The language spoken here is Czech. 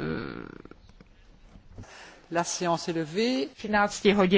Eh, La séance est levée. hodin.